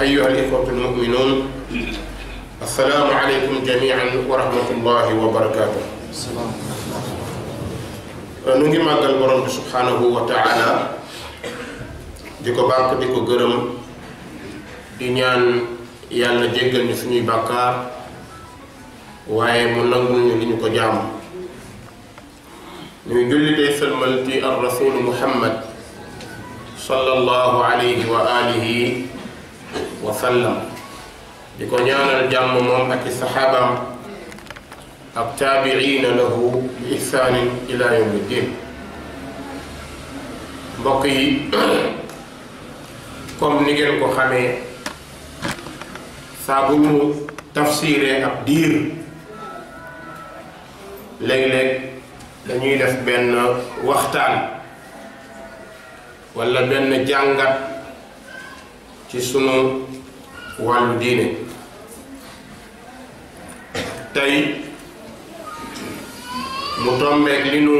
أيها الإخوة المؤمنون السلام عليكم جميعا ورحمة الله وبركاته نجي مع الجبران سبحانه وتعالى ديكو باك ديكو قرم دينيان يالا جيغل نسني باكار waaye mu nangul ñu li ñu ko jaam ñuy julli day salmal ci al rasul muhammad sallallahu وسلم ديكو نيانا الجام موم اك الصحابة التابعين له بإحسان إلى يوم الدين بقي كوم نيغن كو خامي سابو تفسير اب دير لي لي دانيي وقتان ولا بن جانغات ci sunu walu diine tey mu tombeek li nu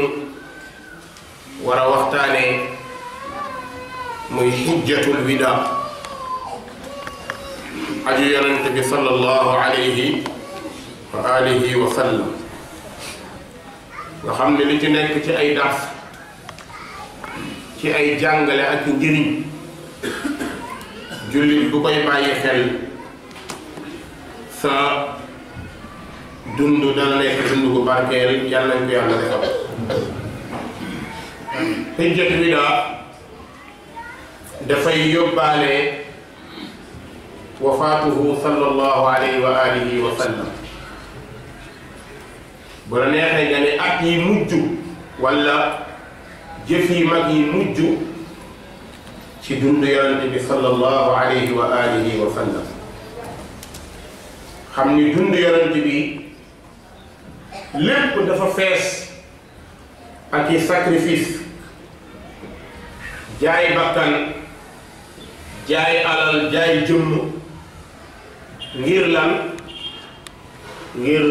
war a waxtaane muy xujjatul wida aju yonent bi sal allahu alayhi wa alihi wa sallam nga xam ne li ci nekk ci ay dars ci ay jàngale ak njëriñ jullit bu koy bàyyi xel sa dund dana nekk dund bu barkeel yàlla nañ ko yàlla defal hijjat bi daa dafay yóbbaale wafaatuhu sallallahu alayhi wa alihi bu la neexee nga ne at yi wala jëf yi mag ci dund yonent bi sallallahu alayhi wa alihi wa sallam xam ni dund yonent bi lépp dafa fess ak sacrifice jaay bakkan jaay alal jaay jëmm ngir lan ngir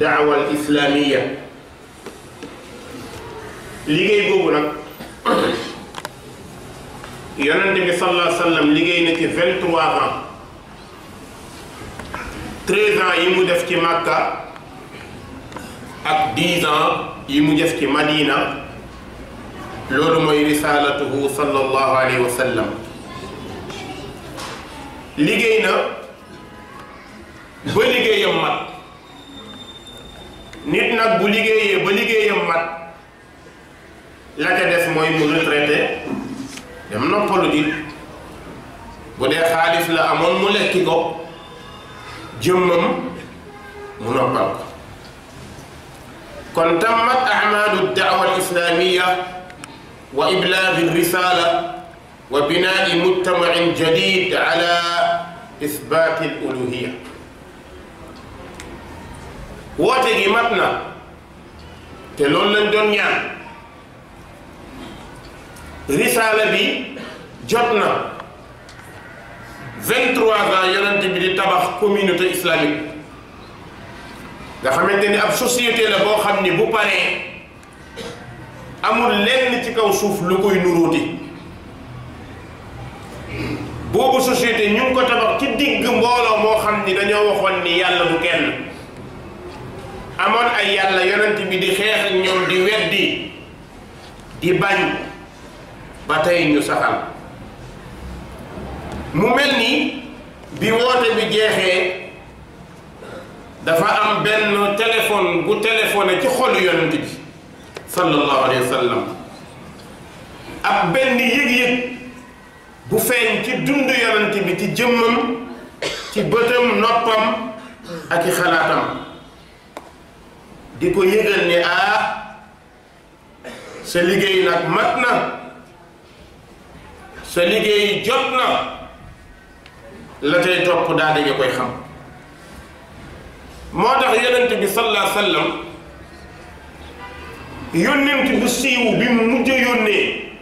da'wa al-islamiyya ligay boobu nak yonente bi sallallahu alayhi liggéey na ci vingt trois ans yi mu def ci Makka ak dix yi mu def ci Madina loolu mooy risaalatuhu sallallahu alayhi wa sallam liggéey na ba liggéeyam mat nit nag bu liggéeyee ba liggéeyam mat la ca mooy mu retraité dem noppalu ji bu dee xaalis la amoon mu lekki ko jëmmam mu noppal ko kon tammat amalu daawa alislamiya wa iblagi risala wa binai mujtamacin jadid ala isbati aluluhiya woote gi mat na te loolu lañ doon ñaan risaala bi jot na 23 ans yonent bi di tabax communauté islamique nga xamante ni ab société la boo xam ni bu paree amul lenn ci kaw suuf lu koy nuróoti boobu société ñu ngi ko tabax ci digg mbooloo moo xam ni dañoo waxoon ni yàlla du kenn amoon ay yàlla yonent bi di xeex ak ñoom di weddi di bañ ba tey ñu saxal mu melni bi wote bi jeexee dafa am benn téléphone bu téléphoné ci xol yonent bi sallallahu alayhi wasallam sallam ak benn yëg-yëg bu feeñ ci dund yonent bi ci jëmmam ci bëtam noppam ak xalaatam di ko yëgal ne ah sa liggéey nag mat na sa liggéey jot na la tey topp daa dégg koy xam moo tax yonent bi sallallahu alayhi wasallam yónnent bu siiw bi mu mujj yónnee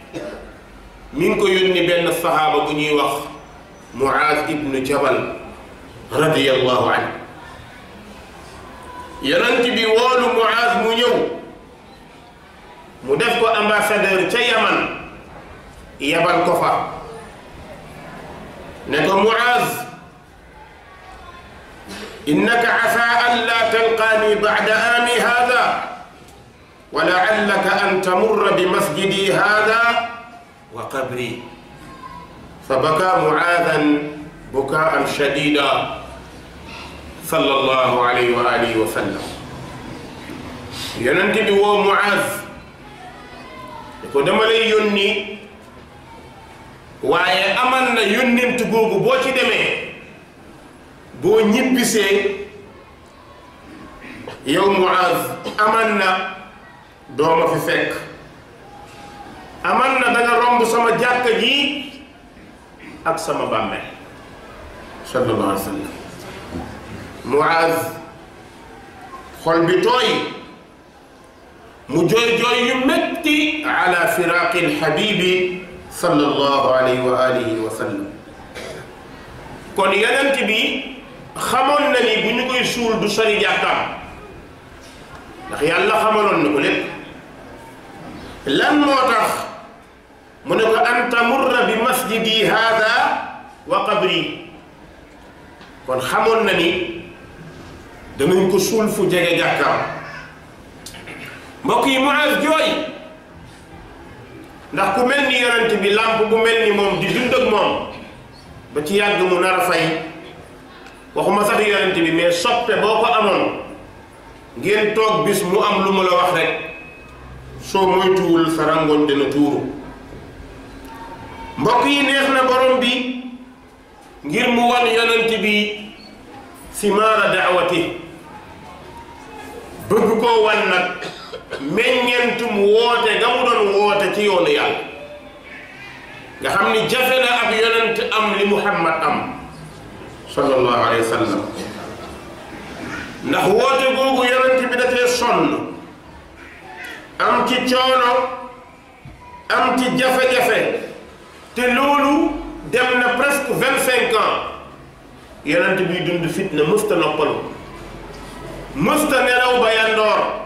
mi ngi ko yónni benn sahaaba bu ñuy wax Muaz ibnu Jabal radiyallahu anhu yonent bi woolu Muaz mu ñëw mu def ko ambassadeur ca Yaman yebal ko fa معاذ إنك muaz innaka تلقاني بعد la هذا ولعلك أن تمر بمسجدي هذا وقبري فبكى معاذا بكاء شديدا صلى الله عليه وآله وسلم يننتبه معاذ يقول دم لي يني waaye amal na yónnent googu boo ci demee boo ñibbisee yow muaz amal na dooma fi fekk amal na danga romb sama jàkk ji ak sama bàmme sallallahu alayhi wa sallam muaz xol bi tooy mu jooy jooy yu metti ala firaaqi alxabibi صلى الله عليه وآله وسلم كون يلنت بي خمون نني بو نكوي شول دو شري جاتام لخ يالا خمون نكو لب لن موتخ منك أن تمر بمسجدي هذا وقبري كون خمون نني دمين كشول فو جاكا مكي معاذ جوي ndax ku mel ni yonent bi làmp bu mel ni moom di dund moom ba ci yàgg mu nar a fay waxuma sax yonent bi mais soppe boo ko amoon ngeen toog bis mu am lu mu la wax rek soo moytuwul sa rangoon dina tuuru mbokk yi neex na borom bi ngir mu wan yonent bi simaara daawati bëgg koo wan nag meññentum woote ga mu doon woote ci yoonu yàlla nga xam ni jafe na ab yonent am li muhammad am sallallahu alayhi wasallam ndax woote googu yonent bi dafee sonn am ci coono am ci jafe-jafe te loolu dem na presque vingt cinq ans yonent bi dund fitna mësta noppalu mësta nelaw ba yandoor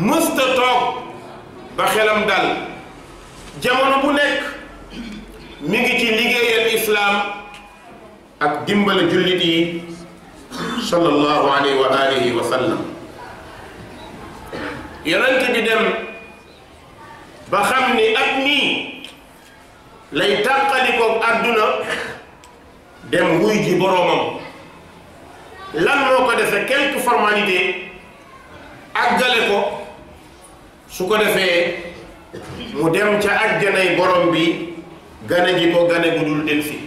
mësta toog ba xelam dal jamono bu nekk mi ngi ci liggéeyal islaam ak dimbal jullit yi sallallahu alayhi wa alihi wa sallam yonent bi dem ba xam ni ak nii lay tàqalikoog àdduna dem wuy ji boroomam lan moo ko defe quelque formalité àggale ko su ko defee mu dem ca ajjanay borom bi gane ji ko gane gu dul delsi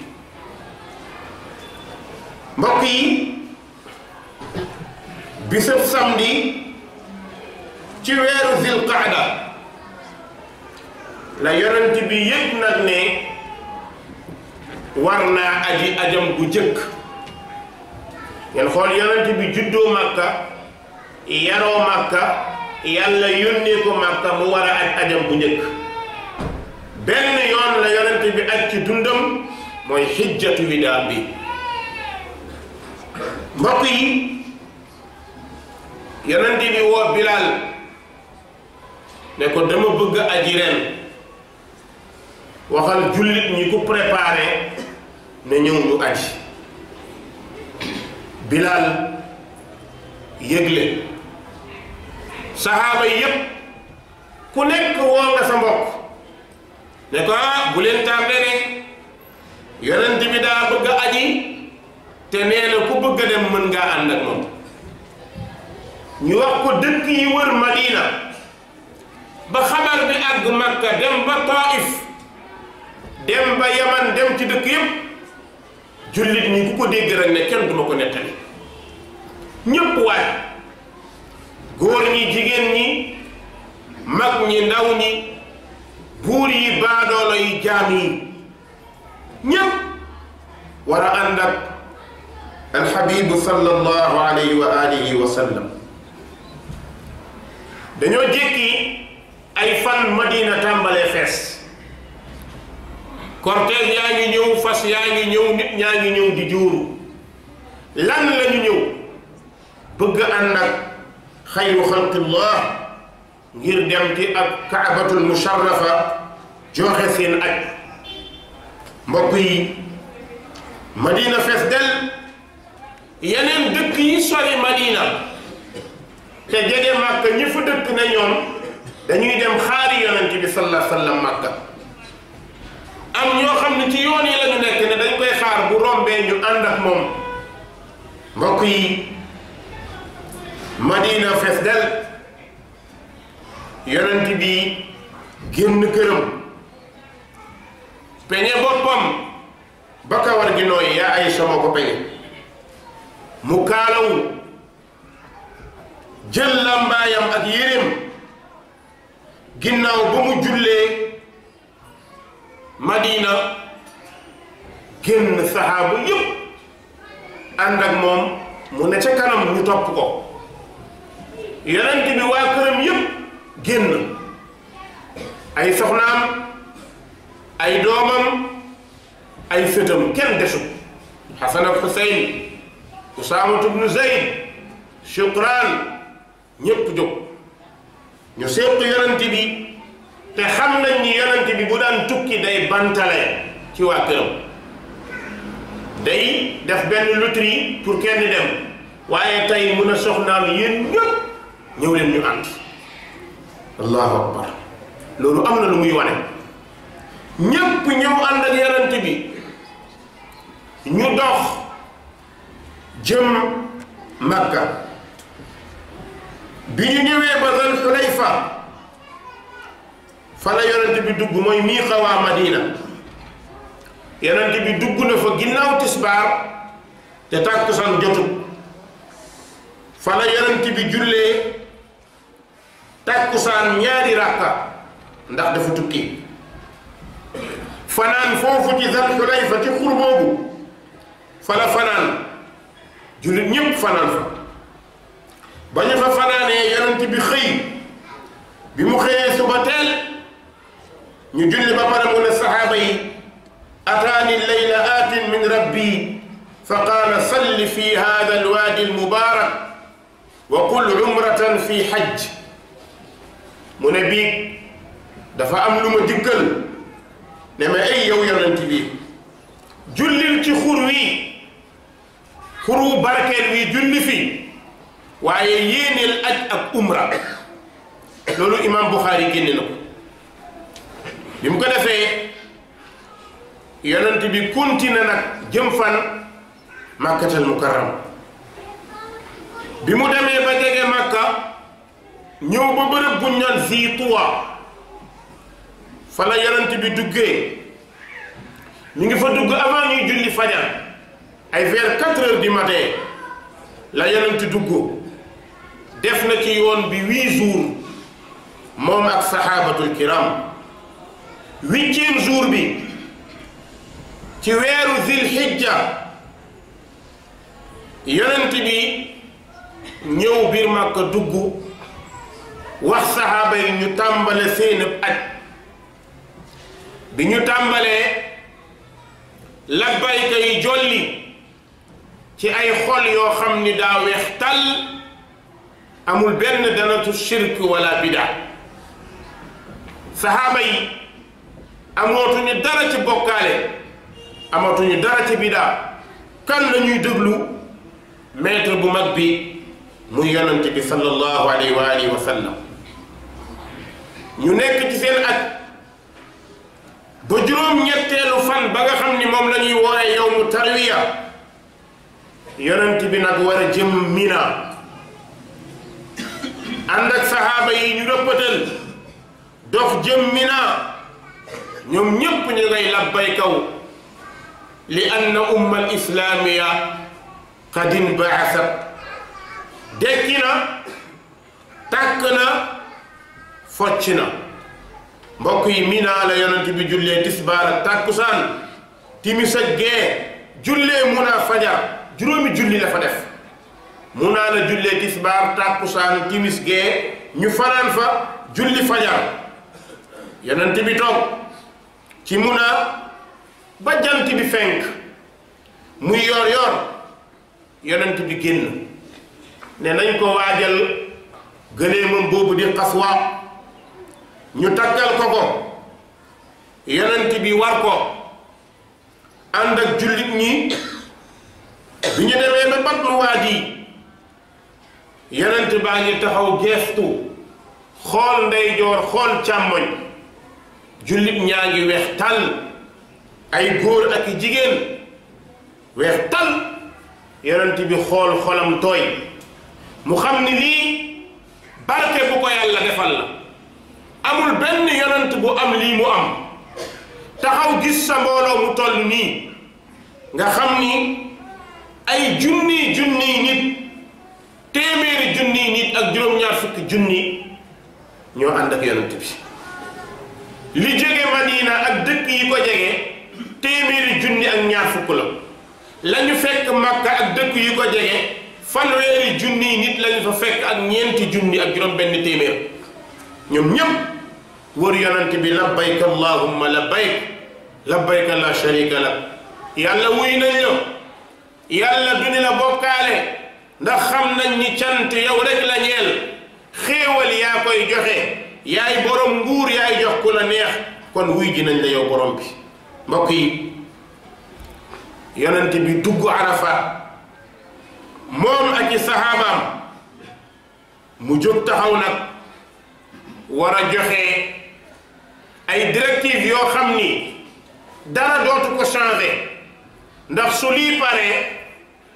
mbokk yi bisëb samedi ci weeru zilqaada la yonent bi yëg nag ne war naa aji ajam bu jëkk ngeen xool yonent bi juddoo màkka yaroo màkka yàlla yónnee ko Màkka mu war a aj ajam bu njëkk benn yoon la yonent bi aj ci dundam mooy xijjatu widaa bi mbokk yi yonent bi woo Bilaal ne ko dama bëgg aji ren waxal jullit ñi ko préparé ne ñëw ñu aji Bilaal yëgle saxaaba yi yépp ku nekk woo nga sa mbokk ne ko ah bu leen tardé ne yonent bi daa bëgg a aji te nee na ku bëgg a dem mën ngaa ànd ak moom ñu wax ko dëkk yi wër Madina ba xabar bi àgg Makka dem ba Taif dem ba Yaman dem ci dëkk yépp jullit ñi ku ko dégg rek ne kenn du ko nettali ñépp waay góor ñi jigéen ñi mag ñi ndaw ñi buur yi baadoolo yi jaam yi ñépp war a ànd ak alxabibu sallallahu alayhi wa alihi wa sallam dañoo jékki ay fan madina tàmbalee fees cortège yaa ngi ñëw fas yaa ngi ñëw nit ñaa ngi ñëw di juuru lan la ñëw bëgg ànd ak خير خلق الله غير دمتي اب كعبة المشرفة جوخسين اج مبي مدينة فسدل ينين دك يسوري مدينة تجد مكة نفدك نيون دنيو دم خاري ينتي بصلى الله عليه وسلم مكة am ñoo xam ne ci yoon yi la ñu nekk ne dañ koy xaar bu rombee ñu ànd ak moom mbokk yi madina fees del bi génn këram peñe boppam ba kawar gi nooy yaa ay somo ko peñe mu kaalawu jël làmbaayam ak yéreem ginnaaw ba mu jullee madina génn saxaabu yëpp ànd moom mu ne ca kanam ñu topp ko yonent bi waa këram yëpp génn ay soxnaam ay doomam ay sëtam kenn desu xasan ak xuseyn usaamatu bnu zayd shukraan ñëpp jóg ñu séq yonent bi te xam nañ ni yonent bi bu daan tukki day bantale ci waa këram day def benn loterie pour kenn dem waaye tey mun a soxnaam yéen ñëpp ñëw leen ñu ànd allahu akbar loolu am na lu muy wone ñépp ñëw ànd ak bi ñu dox jëm Makka bi ñu ñëwee ba Zul Xulayfa fa la yonent bi dugg mooy mii xawaa Madina yonent bi dugg na fa ginnaaw tisbaar te tàkkusaan jotut fa la yonent bi jullee takkusaan ñaari rakka ndax dafa tukki fanaan foofu ci zan xulayfa ci xur boobu fala fanaan julit ñëpp fanaan fa ba ñu fa fanaanee yonent bi xëy bi mu xëyee suba teel ñu julli ba pare mu ne saxaaba yi ataani layla aatin min rabbi fa qaala salli fi hada alwaadi almubarak wa qul umratan fi xajj mu ne biig dafa am lu ma dikkal ne ma ay yow yonent bi jullil ci xur wi xuru barkeel wi julli fi waaye yéeneel aj ak umra loolu imam Bukhari génne na ko bi mu ko defee yonent bi continué nag jëm fan màkkatal mukarram bi mu demee ba jege màkka ñëw ba bërëb bu ñaan fii Tuwa fa la yonent bi duggee ñu ngi fa dugg avant ñuy julli fajar ay vers quatre heures du matin la yonent dugg def na ci yoon bi huit jours moom ak saxaabatul kiram huitième jour bi ci weeru zil xijja yonent bi ñëw biir Màkka dugg wax saxaaba yi ñu tàmbale seen aj bi ñu tàmbalee labbayka yi jolli ci ay xol yoo xam ni daa weex tal amul benn danatu shirk wala bida saxaaba yi amootuñu dara ci bokkaale amootuñu dara ci bida kan la ñuy déglu maître bu mag bi muy yonante bi sallallahu alayhi wa alihi wa sallam ñu nekk ci seen aj ba juróom ñetteelu fan ba nga xam ni moom la ñuy wooree yow mu tarwiya yonent bi nag war a jëm mina ànd ak saxaaba yi ñu rëppatal dox jëm mina ñoom ñépp ñu ngay labbay kaw li anna umma al islamiya qad inbaasat dekki na tàkk na focc na mbokk yi minaa la yonent bi jullee tisbaar ak tàkkusaan timis ak gee jullee munaa fajar juróomi julli la fa def munaa la jullee tisbaar tàkkusaan timis gee ñu fanaan fa julli fajar yonent bi toog ci munaa ba jant bi fenk muy yor yor yonent bi génn ne nañ ko waajal gëleemam boobu di xaswa ñu tàggal ko ko yonent bi war ko ànd ak jullit ñi bi ñu demee ba batlu waadi yonent baa ngi taxaw geestu xool ndeyjoor xool càmmoñ jullit ñaa ngi weex tàll ay góor ak jigéen weex tàll yonent bi xool xolam tooy mu xam ni lii barke bu ko yàlla defal la amul benn yonent bu am lii mu am taxaw gis sa mbooloo mu toll nii nga xam ni ay junni junni nit téeméeri junni nit ak juróom-ñaar fukk junni ñoo ànd ak yonent bi li jege madina ak dëkk yi ko jege téeméeri junni ak ñaar fukk la lañu fekk makka ak dëkk yi ko jege fanweeri junni nit lañu fa fekk ak ñeenti junni ak juróom benn téeméer ñoom ñëpp وريانا تبي لبيك اللهم لبيك لبيك لا شريك لك يلا وين اليوم يلا دوني لبوك عليه نخم نني تنت يا ولك لنيل خيول يا كوي جخي يا يبرم بور يا يجخ كل نيخ كون ويجي نن ديو برم بي مكي يلا تبي دوغ عرفة موم اكي صحابة مجوك تحونك ورجخي ay directive yoo xam ni dara dootu ko changé ndax su lii paree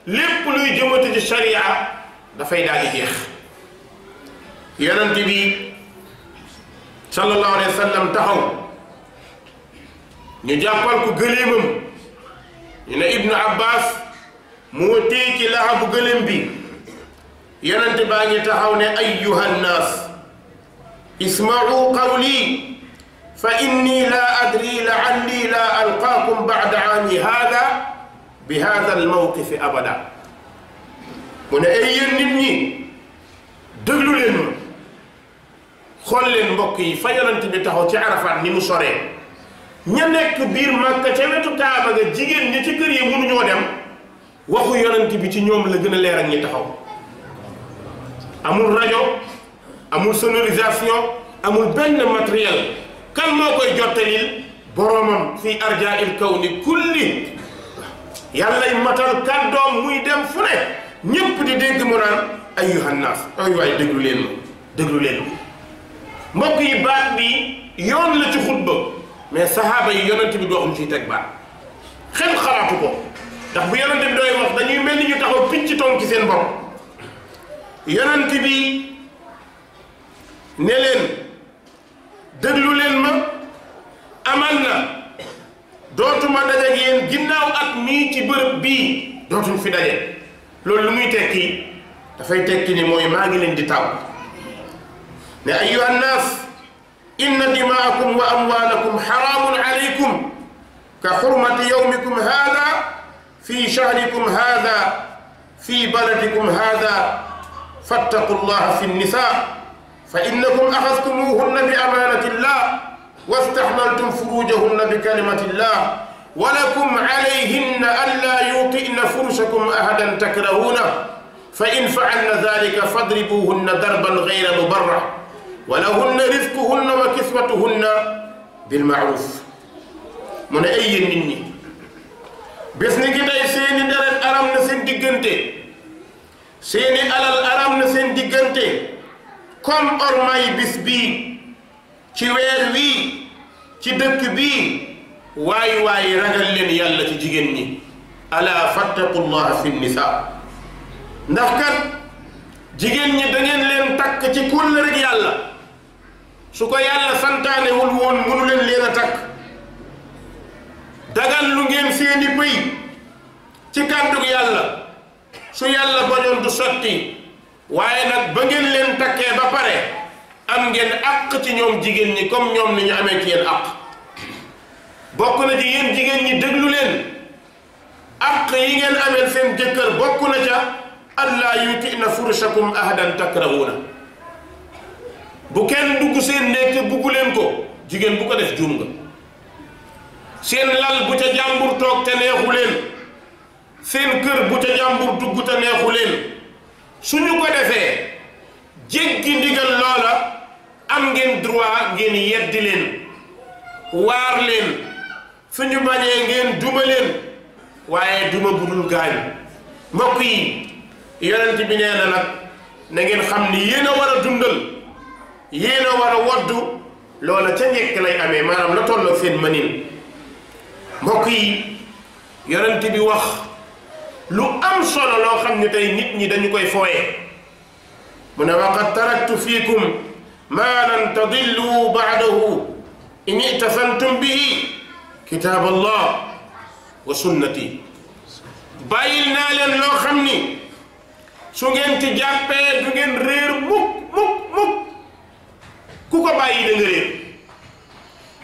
lépp luy jëmatu ci sharia dafay daal di jeex yonent bi sallallahu alayhi wa sallam taxaw ñu jàppal ko gëleemam ñu ne ibnu abbas moo téye ci laxabu gëleem bi yonent baa ngi taxaw ne ayyuha nnaas isma'u qawli فإني لا أدري لعلي لا ألقاكم بعد عامي هذا بهذا الموقف أبدا من أي نبني دغلو لين خول لين بوكي فا يونت بي تاخو تي عرفات ني مو سوري ني نيك بير مكه تي ويتو كابا غا جيجين ني تي كير يمونو ньо ديم واخو يونت بي تي نيوم لا گنا لير ني تاخو كان موكو جوتليل بروموم في ارجاء الكون كله يلا يمتال كان دوم موي ديم فوني نيب دي دينك مونان ايها الناس اي واي دغلو لين دغلو لين موكو يي بات بي يون لا تي خطبه مي صحابه يي يونتي بي دوخم سي تك با خيم خراتوكو دا بو يونتي بي دوي واخ دانيو ملي ني تاخو بيتي تونكي سين بوم يونتي بي نيلين déglu leen ma amal na dootuma daje ak yéen ginnaaw ak mii ci bërëb bii dootuñ fi daje loolu lu muy tekki dafay tekki ni mooy maa ngi leen di taw ne ayuha annaas inna dimaakum wa amwaalakum xaraamun alaykum ka xurmati yawmikum haada fi shahrikum haada fi baladikum haada fattaqu llaha fi nnisaa فإنكم أخذتموهن بأمانة الله واستحملتم فروجهن بكلمة الله ولكم عليهن ألا يوطئن فرشكم أحدا تكرهونه فإن فعلن ذلك فاضربوهن ضربا غير مبرح ولهن رزقهن وكسوتهن بالمعروف من أي مني بسنك داي سيني درن أرم نسين ديغنتي سيني ألال الأرام نسين ديغنتي comme ormay bis bii ci weer wii ci dëkk bii waay waay ragal leen yàlla ci jigéen ñi ala fattaqullaha fi nisa ndax kat jigéen ñi dangeen ngeen leen takk ci kull rek yàlla su ko yàlla santaanewul woon mënu leen leen a takk dagal lu ngeen seeni bëy ci kàddug yàlla su yàlla bañoon du sotti waaye nag ba ngeen leen takkee ba pare am ngeen àq ci ñoom jigéen ñi comme ñoom ni ñu amee ci yéen àq bokk na ci yéen jigéen ñi déglu leen àq yi ngeen amee seen jëkkër bokk na ca allaa na furushakum ahadan takrahuna bu kenn dugg seen néeg te buggu leen ko jigéen bu ko def juum nga seen lal bu ca jàmbur toog te neexu leen seen kër bu ca jàmbur dugg te neexu leen su suñu ko defee jéggi ndigal loola am ngeen droit ngeen yeddi leen waar leen suñu bañee ngeen duma leen waaye duma budul gaañu mbokk yi yonent bi nee na na ngeen xam ni yéen a war a dundal yéen a war a loola ca njëkk lay amee maanaam la feen seen manin mbokk yi yonent bi wax lu am solo lo xam tay nit ñi dañ koy foyé mun wa qad taraktu fiikum ma lan tadillu ba'dahu in itasantum bihi kitab allah wa sunnati bayil na len lo xamni su ngeen ci jappé du ngeen réer muk muk muk ku ko bàyyi da nga réer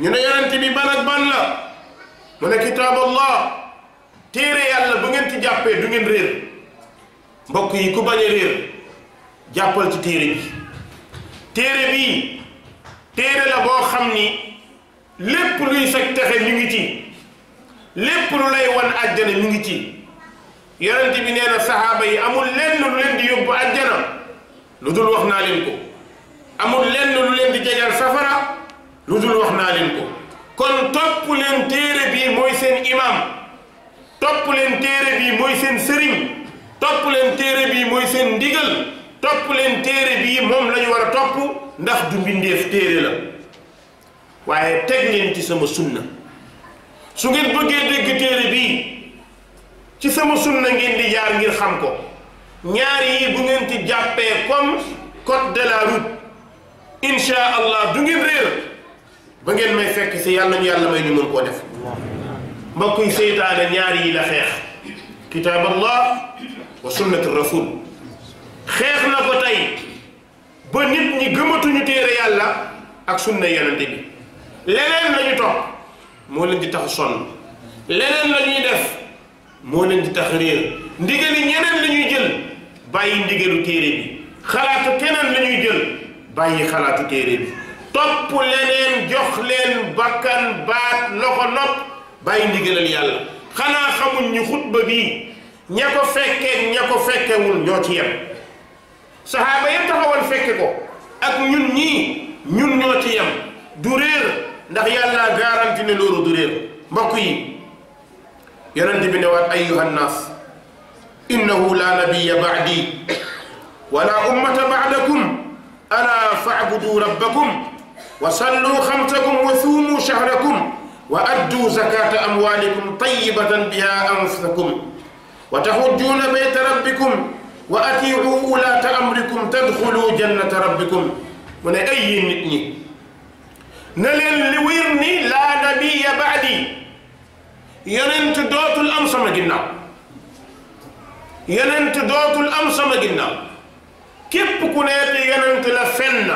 ñu ne yonent bi ban ak ban la mu ne kitaab allah téere yàlla bu ngeen ci jàppee du ngeen réer mbokk yi ku bañ a réer jàppal ci téere bi téere bii téere la boo xam ni lépp luy sag texe ñu ngi ci lépp lu lay wan àjjana ñu ngi ci yonent bi nee na saxaaba yi amul lenn lu leen di yóbbu lu dul wax naa leen amul lenn lu leen di jañal safara lu dul wax naa kon topp leen téere bii mooy seen imam topp leen téere bii mooy seen sëriñ topp leen téere bii mooy seen ndigal topp leen téere bii moom la war a topp ndax du mbindeef téere la waaye teg leen ci sama sunna su ngeen bëggee dégg téere bii ci sama sunna ngeen di jaar ngir xam ko ñaar yi bu ngeen ci jàppee comme code de la route insha allah du ngeen réer ba ngeen may fekk si yàlla ñu yàlla may ñu mën koo def مكن سيد على نياري إلى خير كتاب الله وسنة الرسول خير لا بتاي بنيت ني غمت ني تيري الله اك سنة يالنتي بي لين لا ني توك مو لين دي تاخ سون لين لا ني ديف مو لين دي تاخ رير ندغالي نينن لا ني جيل باي ندغالو تيري بي خلاتو كينن لا ني جيل باي خلاتو تيري بي توب لين جوخ لين بكان بات لوخو نوب bàyyi ndigalal yàlla xanaa xamuñ ñu xutba bii ña ko fekkee ña ko fekkewul ñoo ci yem saxaaba ya taxawal fekke ko ak ñun ñii ñun ñoo ci yem du réer ndax yàlla garanti ne loolu du réer mbokk yi yonent bi ne waat ayyuha nnaas innahu la nabiya baadi wala ummata baadakum ala fa'budu rabbakum wa sallu xamsakum wa suumu shahrakum وأدوا زكاة أموالكم طيبة بها أنفسكم وتحجون بيت ربكم وأتيعوا ولاة أمركم تدخلوا جنة ربكم من أي نتني نلن لويرني لا نبي بعدي يننت دوت الأمس مجنا يننت دوت الأمس مجنا كيف كنت يننت لفن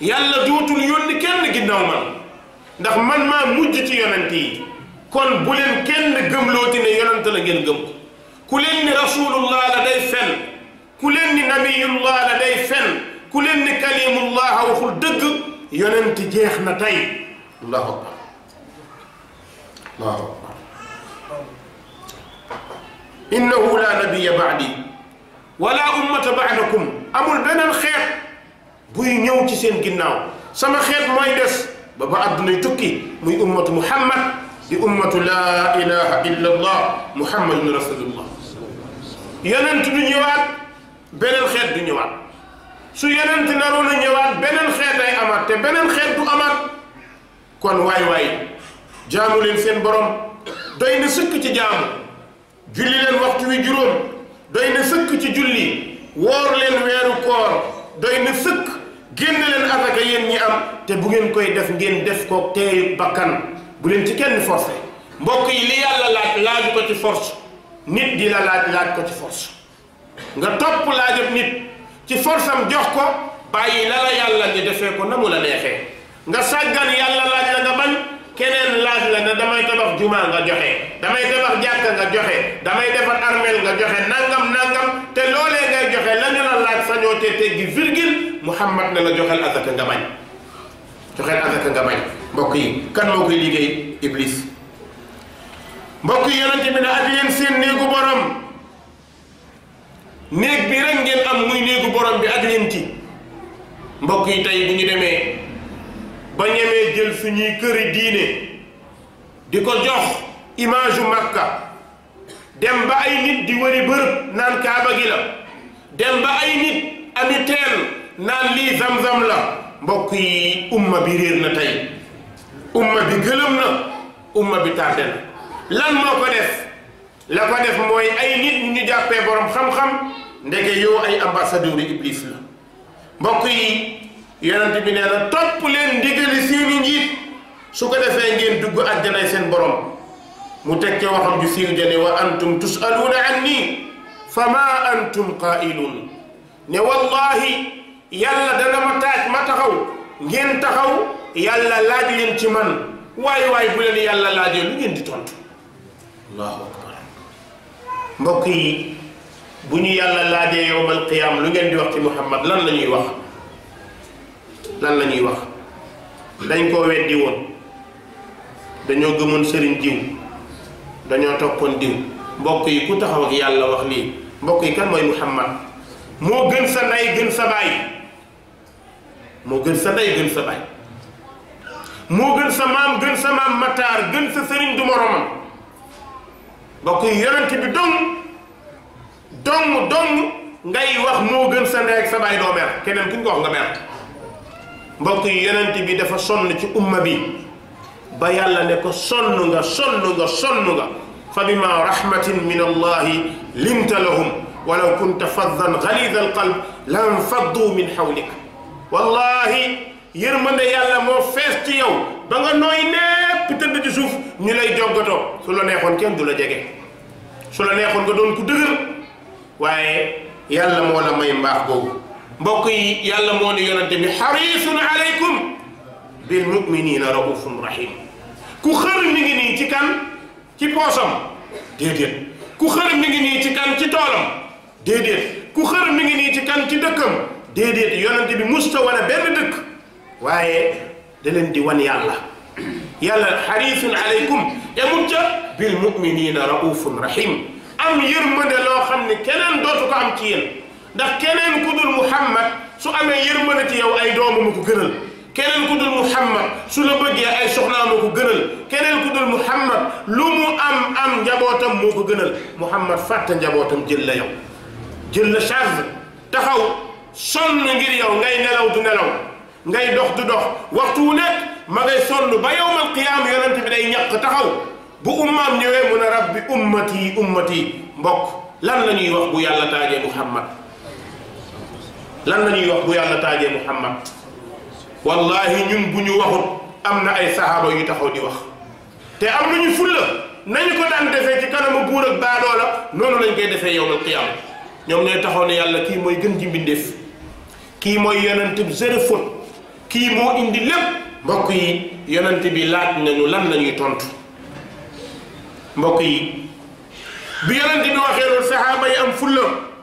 يلا دوت اليون كن جنا ومن. ndax man ma mujj ci yonent yi kon bu len kenn gëm loti ne yonent la ngeen gëm ku len ni rasulullah la day fen ku len ni nabiyullah la day fen ku len ni kalimullah waxul deug yonent jeex na tay allah akbar allahu akbar innahu la nabiya baadi wala ummata baadakum amul beneen xeet buy ñëw ci seen ginnaaw sama xeet mooy ba ba àddunay tukki muy ummatu muhammad di ummatu laa ilaha illa allah muhammadun rasulullah yonent du ñëwaat beneen xeet du ñëwaat su yonent naroon a ñëwaat beneen xeet ay amaat te beneen xeet du amaat kon waay waay jaamu leen seen borom doy na sëkk ci jaamu julli leen waxtu wi juróom doy na sëkk ci julli woor leen weeru koor doy na sëkk génn leen asaka yéen ñi am te bu ngeen koy def ngeen def ko teeyu bakkan bu leen ci kenn forcé mbokk yi li yàlla laaj laaj ko ci force nit di la laaj laaj ko ci force nga topp laajab nit ci force am jox ko bàyyi na la yàlla ni defee ko na mu la neexee nga sàggan yàlla laaj la nga bañ keneen laaj la ne damay tabax juma nga joxe damay tabax jàkka nga joxe damay defar armeel nga joxe nangam nangam te loolee ngay joxe la ñu la laaj sañoo te teggi virgule Muhammad ne la joxel azaka nga bañ joxel azaka nga bañ mbokk yi kan moo koy liggéey Iblis mbokk yi yonente bi ne ak leen seen néegu borom néeg bi rek ngeen am muy néegu borom bi ak leen ci mbokk yi tey bu ñu demee. ba ñemee jël suñuy këri diine di ko jox image u Makka dem ba ay nit di wëri bër naan kaaba gi la dem ba ay nit ami teen naan lii zam-zam la mbokk yi umma bi réer na tey umma bi gëlëm na umma bi tardé na lan moo ko def la ko def mooy ay nit ñu jàppee borom xam-xam ndeke yow ay ambassadeur iblis la mbokk yi yonent bi nee top len leen ndigali seeni njiit su ko defee ngeen dugg aljana seen borom mu teg ca waxam ju siiw jene wa antum tusaluna anni fama antum qailun ne wallahi yàlla dana ma taaj ma taxaw ngeen taxaw yàlla laaj len ci man way way bu len yàlla laaj lu ngeen di tontu allahu akbar mbokk yi bu ñu yàlla laajee yowmal qiyam lu ngeen di wax ci muhammad lan lañuy wax lan la ñuy wax dañ koo weddi woon dañoo gëmoon sëriñ diw dañoo toppoon diw mbokk yi ku taxaw ak yàlla wax lii mbokk yi kan mooy muhammad moo gën sa ndey gën sa baay moo gën sa ndey gën sa baay moo gën sa maam gën sa maam mataar gën sa sëriñ du moromam mbokk yi yonent bi dong dong dong ngay wax moo gën sa ndey ak sa baay doo mer keneen ku ñu ko wax nga mer mbokk yi yonent bi dafa sonn ci umma bi ba yàlla ne ko sonn nga sonn nga sonn nga fa bima rahmatin min allah linta lahum walaw kunta faddan galida alqalb lan faddu min hawlik wallahi yërmande yàlla moo fees ci yow ba nga nooy népp tëdd ci suuf ñu lay joggatoo su la neexoon kenn du la jege su la neexoon nga doon ku dëgër waaye yàlla moo la may mbaax boobu بقي يلمون يرنتم حريص عليكم بالمؤمنين رؤوف رحيم كو خرم نيغي ني تي كان تي بوسام ديديت كو خرم نيغي ني تي كان تي تولم ديديت كو خرم نيغي ني تي كان تي دكم ديديت يونت بي مستوى لا بن دك واي دلن دي وان يالا يالا حريص عليكم يا مجا بالمؤمنين رؤوف رحيم ام يرمد لو خامني كنن دوتو كو ام تي ndax keneen ku dul muhammad su amee yërmande ci yow ay doomam ko gënal keneen ku dul muhammad su la bëggee ay soxnaam ko gënal keneen ku dul muhammad lu mu am am njabootam moo ko gënal muhammad fàtte njabootam jël la yow jël la charge taxaw sonn ngir yow ngay nelaw du nelaw ngay dox du dox waxtu wu nekk ma ngay sonn ba yowmal qiyaam yonent bi day ñàq taxaw bu ummaam ñëwee mu ne rabbi ummati ummati mbokk lan la ñuy wax bu yàlla taajee muhammad lan la ñuy wax bu yàlla taajee muhammad wallahi ñun bu ñu waxut am na ay sahaaba yu taxaw di wax te am nañu fulla nañu ko daan defee ci kanamu buur ak baadoola noonu lañ koy defee yowmal qiyaama ñoom ñooy taxaw ne yàlla kii mooy gën ji mbindeef kii mooy yonent bi zéro kii moo indi lépp mbokk yi yonent bi laaj nañu lan la tontu mbokk yi bi yonent bi waxee loolu sahaaba yi am fulla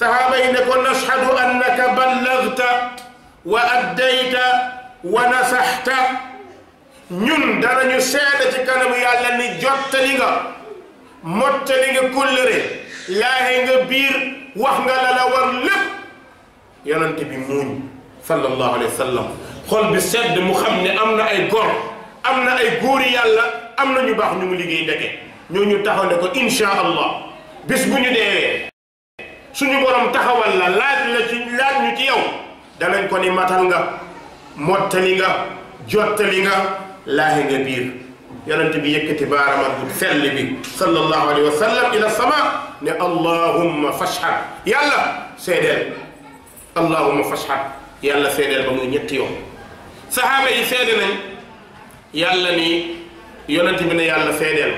فهابين كن نشهد أنك بلغت وأديت ونصحت نون دارا نيو سيدة تكالم يالا ني جوت لغا موت لغا كل ري لا هنغ بير وحنغ للا ورلب يالان تبي مون صلى الله عليه وسلم خل بسد مخمن أمنا أي قر أمنا أي قوري يالا أمنا نيو نمو لغي دكي نيو نيو تخون إن شاء الله بس بني دي suñu borom taxawal la laaj la ci laaj ñu ci yow da lañ ko ni matal nga motali nga jotali nga lahi nga biir yonent bi yëkkati baaraamam ak fell bi sallallahu alayhi wa sallam ila sama ne allahumma fashhad yàlla sédel allahumma fashhad yàlla sédel ba muy ñetti yoon sahaba yi sédel nañ yàlla ni yonent bi ne yàlla sédel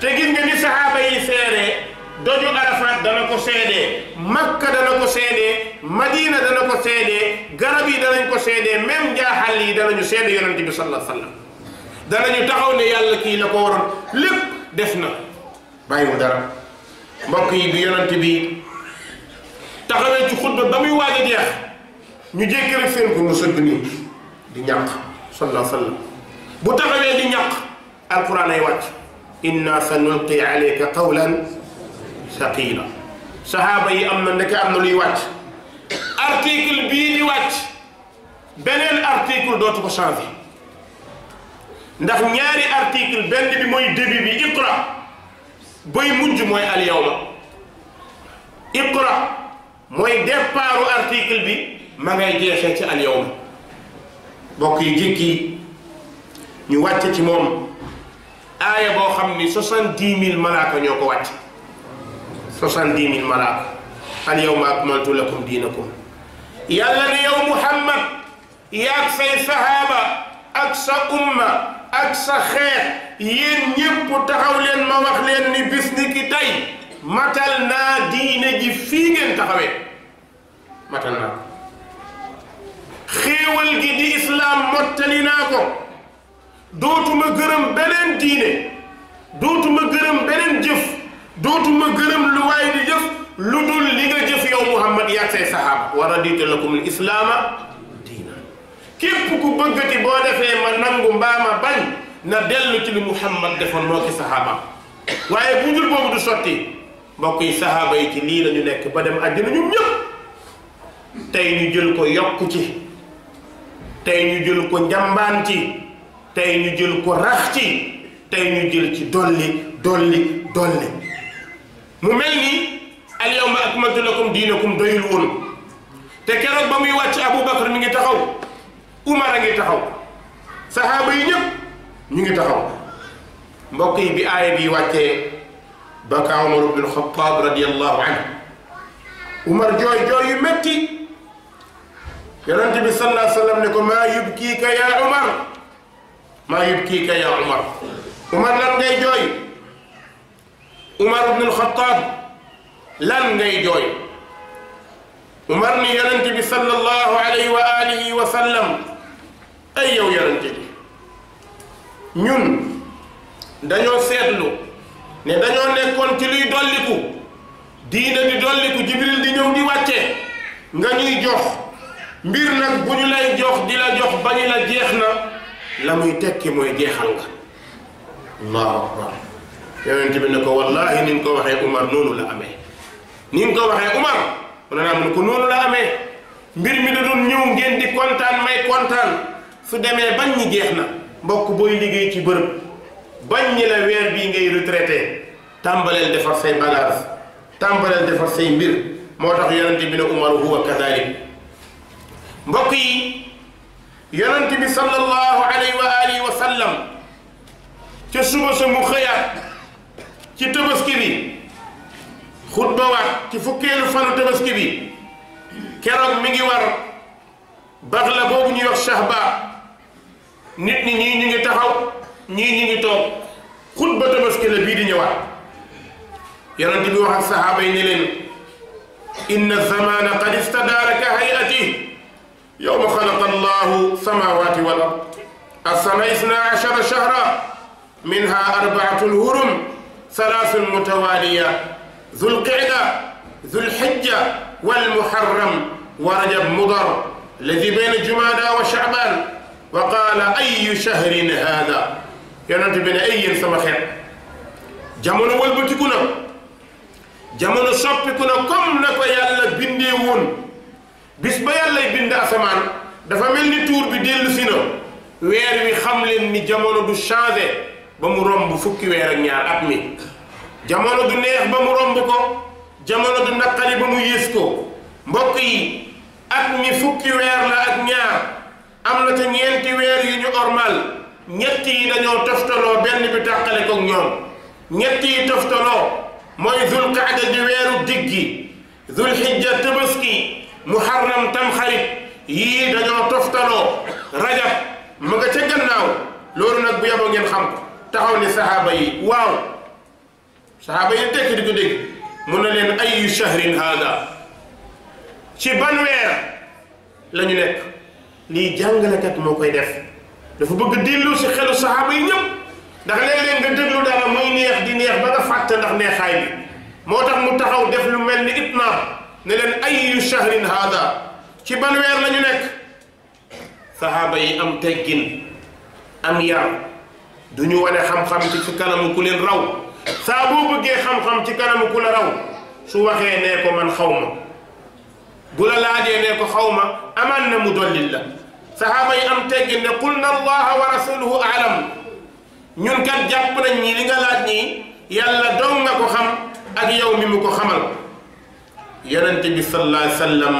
te gis nga ni sahaba yi séré doju arafat dana ko seede makka dana ko seede madina dana ko seede garab yi danañ ko seede même jaaxal yi danañu seede yonente bi sallallahu alayhi wasallam danañu taxaw ne yàlla kii la ko waroon lépp def na bàyyiwu dara mbokk yi bi yonente bi taxawee ci xutba ba muy waaj a jeex ñu jékki rek seen ko mu sëgg nii di ñàq sallallahu alayhi wasallam bu taxawee di ñàq alquran ay wàcc inna sanulqi alayka qawlan saqiila saxaaba yi am na ndeke am na luy wàcc article bii di wàcc beneen article dootu ko changé ndax ñaari article benn bi mooy début bi iqra bay mujj mooy al yawma iqra mooy départu article bi ma ngay jeexee ci al yawma bokk yi jékki ñu wàcc ci moom aaya boo xam ni soixante-dix mille malaaka ñoo ko wàcc 70 من مرة اليوم أكملت لكم دينكم يا يا محمد يا كفي فهابة أكسى أمة أكسى خير ين يبو تخاو لين ما وخ لين ني بيس ني كي تاي ماتال نا دين جي في نين تخاوي ماتال نا خيوال جي دي اسلام موتالي ناكو دوتو ما گرم بنين دينه ak yàgg say saxaaba wa raditu lakum al islaama diina képp ku bëggati boo defee ma nangu mbaam ma bañ na dellu ci li Muhammad defoon moo ki saxaaba waaye bu dul boobu du sotti mbokk yi saxaaba yi ci lii lañu nekk ba dem àddina ñun ñëpp tey ñu jël ko yokku ci tey ñu jël ko njambaan ci tey ñu jël ko rax ci tey ñu jël ci dolli dolli dolli mu mel ni اليوم اكملت لكم دينكم ديلون تا كيروك بامي ابو بكر ميغي تاخاو عمر غي تاخاو صحابه يي نيب ميغي تاخاو مبوكي بي ايه بي واتي بكا عمر بن الخطاب رضي الله عنه عمر جوي جوي متي يرنتي بي صلى الله عليه وسلم نكو ما يبكيك يا عمر ما يبكيك يا عمر عمر لا جاي جوي عمر بن الخطاب لن جوي jooy umar ni yonente bi sallallahu alayhi wa alihi wa sallam ay yow yonente bi ñun dañoo seetlu ne dañoo nekkoon ci luy dolliku diina di dolliku jibril di ñëw di wàccee nga ñuy jox mbir nag bu ñu lay jox di la jox bañu la jeex na la muy tekki mooy jeexal nga allahu akbar yonente bi ne ko wallahi ni ko waxee umar noonu la amee ni nga ko waxee Umar mu ne naa mu ne ko noonu la amee mbir mi da doon ñëw ngeen di kontaan may kontaan su demee bañ ñi jeex na mbokk booy liggéey ci bërëb bañ ñi la weer bii ngay retraité tàmbaleel defar say bagage tàmbaleel defar say mbir moo tax yonent bi ne Umar huwa kadalik mbokk yi yonent bi sallallahu alayhi wa alihi ca suba sa mu xëyaat ci tabaski bi xutba waat ci fukkeelu fanu tabaski bi keroog mi ngi war bax la boobu ñuy wax shahba nit ñi ñii ñu ngi taxaw ñii ñu ngi toog xutba tabaski la bii di ñëwaat yonent bi wax ak sahaaba yi ne leen inna zamana qad istadaara ka hayati yowma xalaqa allahu samawati wal ard السنة اثنا عشر شهرا منها أربعة الهرم ثلاث متوالية ذو القعدة ذو الحجة والمحرم ورجب مضر الذي بين جمادى وشعبان وقال أي شهر هذا يا بين أي ثم خير جمون والبت كنا جمون الشرط كم نكو يالا بنديون بس بيالا بند أسمان دفا ملني تور بديل سينا ويروي خملين ني جمون دو شاذة بمرم بفكي ويرنيا أبني jamono du neex ba mu romb ko jamono du naqari ba mu yées ko mbokk yi ak mi fukki weer la ak ñaar am na ca ñeenti weer yi ñu ormal ñett yi dañoo toftaloo benn bi tàqale koog ñoom ñett yi toftaloo mooy zul ji di weeru diggi zul xijja tabaski muharram yi yii dañoo toftaloo rajab ma nga ca gannaaw loolu nag bu yaboo ngeen xam taxaw ni sahaaba yi waaw sahaaba yi tekk di ko dégg mu ne leen ayu shahrin haada ci ban weer la ñu nekk lii jàngalekat moo koy def dafa bëgg dellu si xelu sahaaba yi ñëpp ndax léeg-léeg nga déglu dara muy neex di neex ba nga fàtte ndax neexaay bi moo tax mu taxaw def lu mel ni itnaab ne leen ayu shahrin haada ci ban weer la ñu nekk sahaaba yi am teggin am yar du ñu wane xam-xam ci ci kanamu ku leen raw saa bëgge xam xam-xam ci kanam ku la raw su waxee ne ko man xawma bu la laaje ne ko xawma ma na mu dollil la sahaba yi am tegg ne qul na allaha wa rasuluhu alam ñun kat jàpp nañ ñi li nga laaj ni yàlla dong nga ko xam ak yow mi mu ko xamal yonente bi sallallahu alayhi wasallam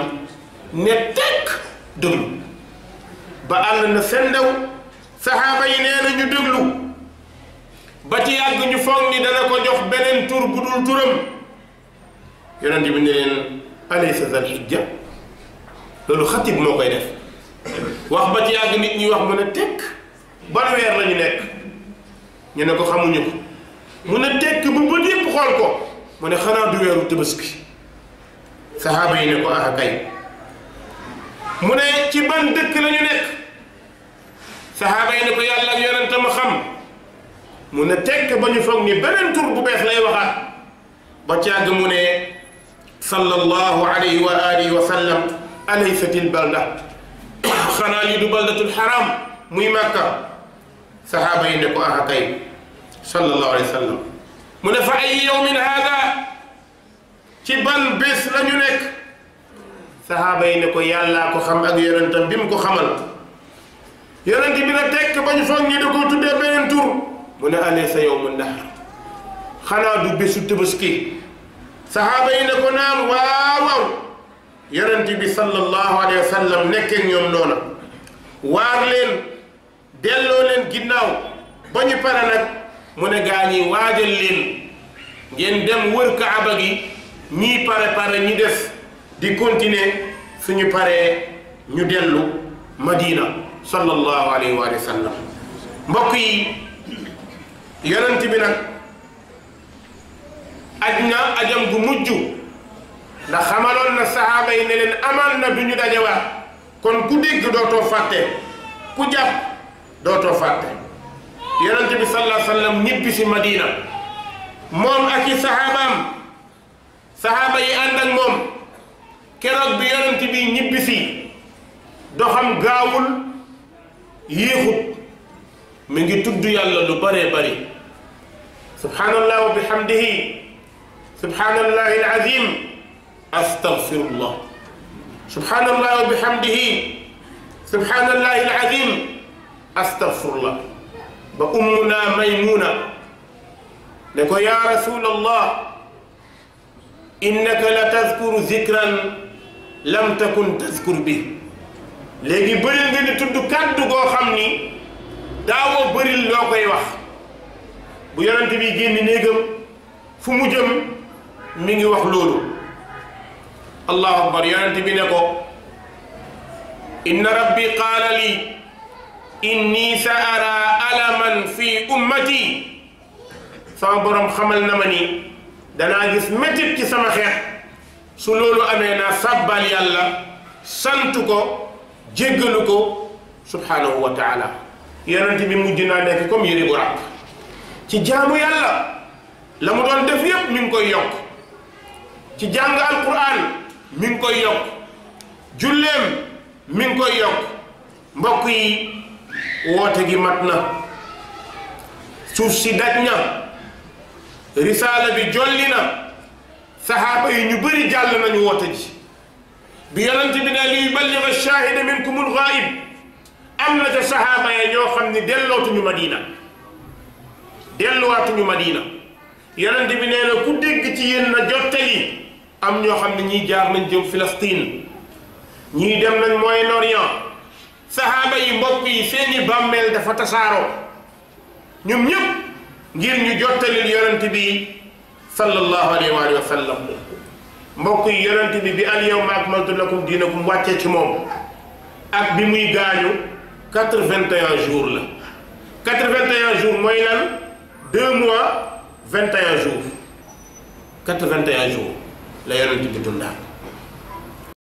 ne tek déglu ba àll na seen ndaw yi nee na ñu déglu ba ci yàgg ñu foog ni dana ko jox beneen tur bu dul turam yonent bi ne leen alaysa zal hijja loolu xatib moo koy def wax ba ci yàgg nit ñi wax mu ne tekk ban weer lañu ñu nekk ñu ne ko xamuñu mun mu ne tekk bu bët yëpp xool ko mu ne xanaa du weeru tabaski saxaaba yi ne ko ah mu ne ci ban dëkk lañu ne mu ne tekk ba ñu foog ni beneen tur bu bees lay waxaat ba càgg mu ne sallallahu alayhi wa alihi wa sallam alaysat il balda xanaa lii du baldatul xaram muy màkka sahaaba yi ne ko aha kay sallallahu alayhi wa sallam mu ne fa ay yawmin haada ci ban bés la ñu nekk sahaaba yi ne ko yàllaa ko xam ak yonentam bi mu ko xamal yonent bi na tekk ba ñu foog ni da ko tuddee beneen tur mu ne alaysa yawmun nahr xanaa du bésu tabaski saxaaba yi ne ko naan waaw waaw yonent bi sallallahu alayhi wa sallam nekkee ñoom noona waar leen delloo leen ginnaaw ba ñu pare nag mu ne gaa ñi waajal leen ngeen dem wër kaaba gi ñii pare pare ñi des di continuer suñu paree ñu dellu madina sallallahu alayhi wa sallam mbokk yi yonent bi nag aj na ajam gu mujj ndax xamaloon na sahaaba yi ne leen amal na du ñu dajewaat kon ku dégg dootoo fàtte ku jàpp dootoo fàtte yonent bi sallallahu alayhi wa sallam ñibbi Madina moom ak i sahabaam sahaaba yi ànd ak moom keroog bi yonent bi ñibbi si doxam gaawul yéexut mi ngi tudd yàlla lu baree bari سبحان الله وبحمده سبحان الله العظيم أستغفر الله سبحان الله وبحمده سبحان الله العظيم أستغفر الله بأمنا ميمونة لكو يا رسول الله إنك لتذكر ذكرا لم تكن تذكر به léegi bëril nga ni tudd kàddu goo xam ni bu yonent bi génn néegam fu mu jëm mi ngi wax loolu allahu akbar yonent bi ne ko inna rabbi qala li inni sa ara alaman fi ummati sama borom xamal na ma ni danaa gis métit ci sama xeex su loolu amee naa sàbbal yàlla sant ko jéggalu ko subhanahu wa taala yonent bi mujj naa nekk comme yëre bu ràpp ci jaamu yàlla la mu doon def yépp mi ngi koy yokk ci jàng alquran mi ngi koy yokk julleem mi ngi koy yokk mbokk yi woote gi mat na suuf si daj na risaala bi jolli na saxaaba yi ñu bëri jàll nañu woote ji bi yonent bi ne li yuballiga shahida minkumul ghaib am na ca saxaaba ya ñoo xam ni dellootuñu madina delluwaatuñu Madina yonent bi nee na ku dégg ci yéen na jottali am ñoo xam ne ñii jaar nañ jëm Filastin ñii dem nañ Moyen-Orient saxaaba yi mbokk yi seeni bàmmeel dafa tasaaroo ñoom ñëpp ngir ñu jottalil yonent bi sallallahu alayhi wa sallam mbokk yi yonent bi bi al yawma akmaltu lakum diinakum wàccee ci moom ak bi muy gaañu quatre-vingt-un jours la quatre-vingt-un jours mooy lan Deux mois 21 jours 81 jours la yonent bi